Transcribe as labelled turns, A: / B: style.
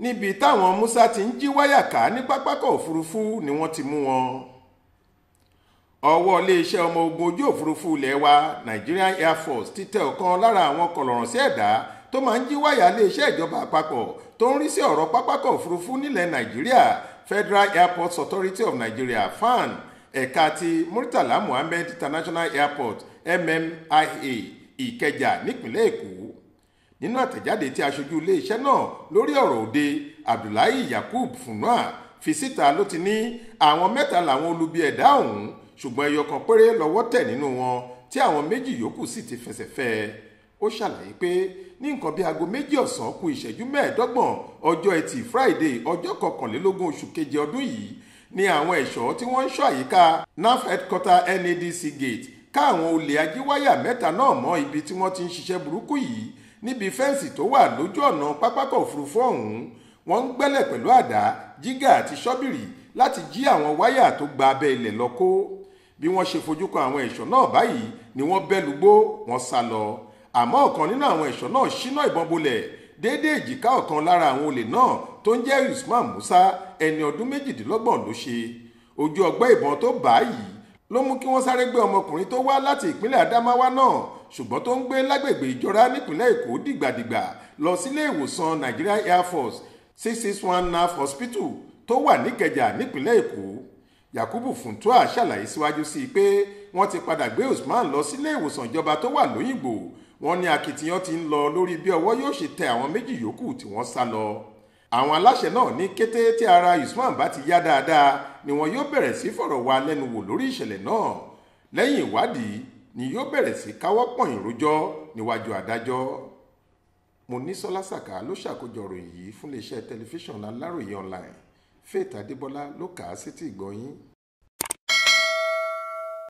A: níbi táwọn Musa ti ń jí wáyà ká ní pápákọ̀ òfurufú ni wọ́n ti mú wọn ọwọ́ iléeṣẹ́ ọmọ ogun ojú òfurufú ilé wa Nigerian Air Force ti tẹ ọ̀kan lára àwọn kọlọ̀rọ̀ sí ẹ̀dá tó máa ń jí wáyà iléeṣẹ́ ìjọba àpapọ̀ tó ń rí sí ọ̀rọ̀ pápákọ̀ Federal Airports Authority of Nigeria FAAN ẹ̀ka ti Murtala Muhammed International Airport MMIA ikeja nípínlẹ̀ Èkó nínú àtẹ̀jáde tí aṣojú iléeṣẹ́ náà lórí ọ̀rọ̀ òde Abdullahi Yakub Funua fi síta ló ti ní àwọn mẹ́ta làwọn olubi ẹ̀dá ọ̀hún ṣùgbọ́n ẹyọ kan péré lọ́wọ́ tẹ̀ nínú wọn tí àwọn méjì yòókù sì ti fẹsẹ̀ fẹ́ ẹ ó ṣàlàyé pé ní nǹkan bíi aago méjì ọ̀sán kù ìṣẹ́jú mẹ́ẹ̀ẹ́dọ́gbọ̀n ọjọ́ ẹtì Friday ọjọ́ kọkànlélógún oṣù keje ọdún yìí ni àwọn ẹ̀ṣọ́ tí wọ́n ń ṣọ́ àyíká naf headquarter NADC gate ká àwọn olè ajíwáyà mẹ́ta náà mọ́ ibi tí wọ́n ti ń ṣiṣẹ́ burúkú yìí níbi fẹ́ǹsì tó wà lójú ọ̀nà pápákọ̀ òfurufú ọ̀hún wọ́n ń gbẹ́lẹ̀ pẹ̀lú àdá jígà àti ṣọ́bìrì láti jí àwọn wáyà tó gba abẹ́ ilẹ̀ lọ kó bí wọ́n ṣe fojú kan àwọn ẹ̀ṣọ́ náà báyìí ni wọ́n bẹ́ lùgbó wọ́n sá lọ àmọ́ ọ̀kan nínú àwọn ẹ̀ṣọ́ náà ṣíná ìbọn bolẹ̀ déédéé èjìká ọ̀kan lára àwọn olè náà tó ń jẹ́ Usman Musa ẹni ọdún méjìdínlọ́gbọ̀n ló ṣe ojú ọgbẹ́ ìbọn tó bá yìí ló mú kí wọ́n sáré gbé ọmọkùnrin tó wá láti ìpínlẹ̀ Adamawa náà ṣùgbọ́n tó ń gbé lágbègbè ìjọra nípínlẹ̀ èkó dìgbàdìgbà lọ sílé ìwòsàn nigeria air force six six one naf hospital tó wà níkẹjà nípínlẹ̀ èkó yakubu funtua ṣàlàyé síwájú sí i pé wọ́n ti padà gbé usman lọ sílé ìwòsàn ìjọba tó wà lóyìnbó wọ́n ní akitiyan ti ń lọ lórí bí ọwọ́ yóò ṣe tẹ àwọn méjì yòókù tí wọ́n sá lọ àwọn aláṣẹ náà ní kété tí ara usman bá ti yá dáadáa ni wọn yóò bẹ̀rẹ̀ sí fọ̀rọ̀ wá lẹ́nu wò lórí ìṣẹ̀lẹ̀ náà lẹ́yìn ìwádìí ni yóò bẹ̀rẹ̀ sí káwọ́ pọ̀nyìn rojọ́ níwájú adájọ́ Monísọ́lá Sàká ló ṣàkójọ ròyìn yìí fún iléeṣẹ́ tẹlifíṣàn Aláròye online Faith Adébọlá ló kà á sétí ìgbọ́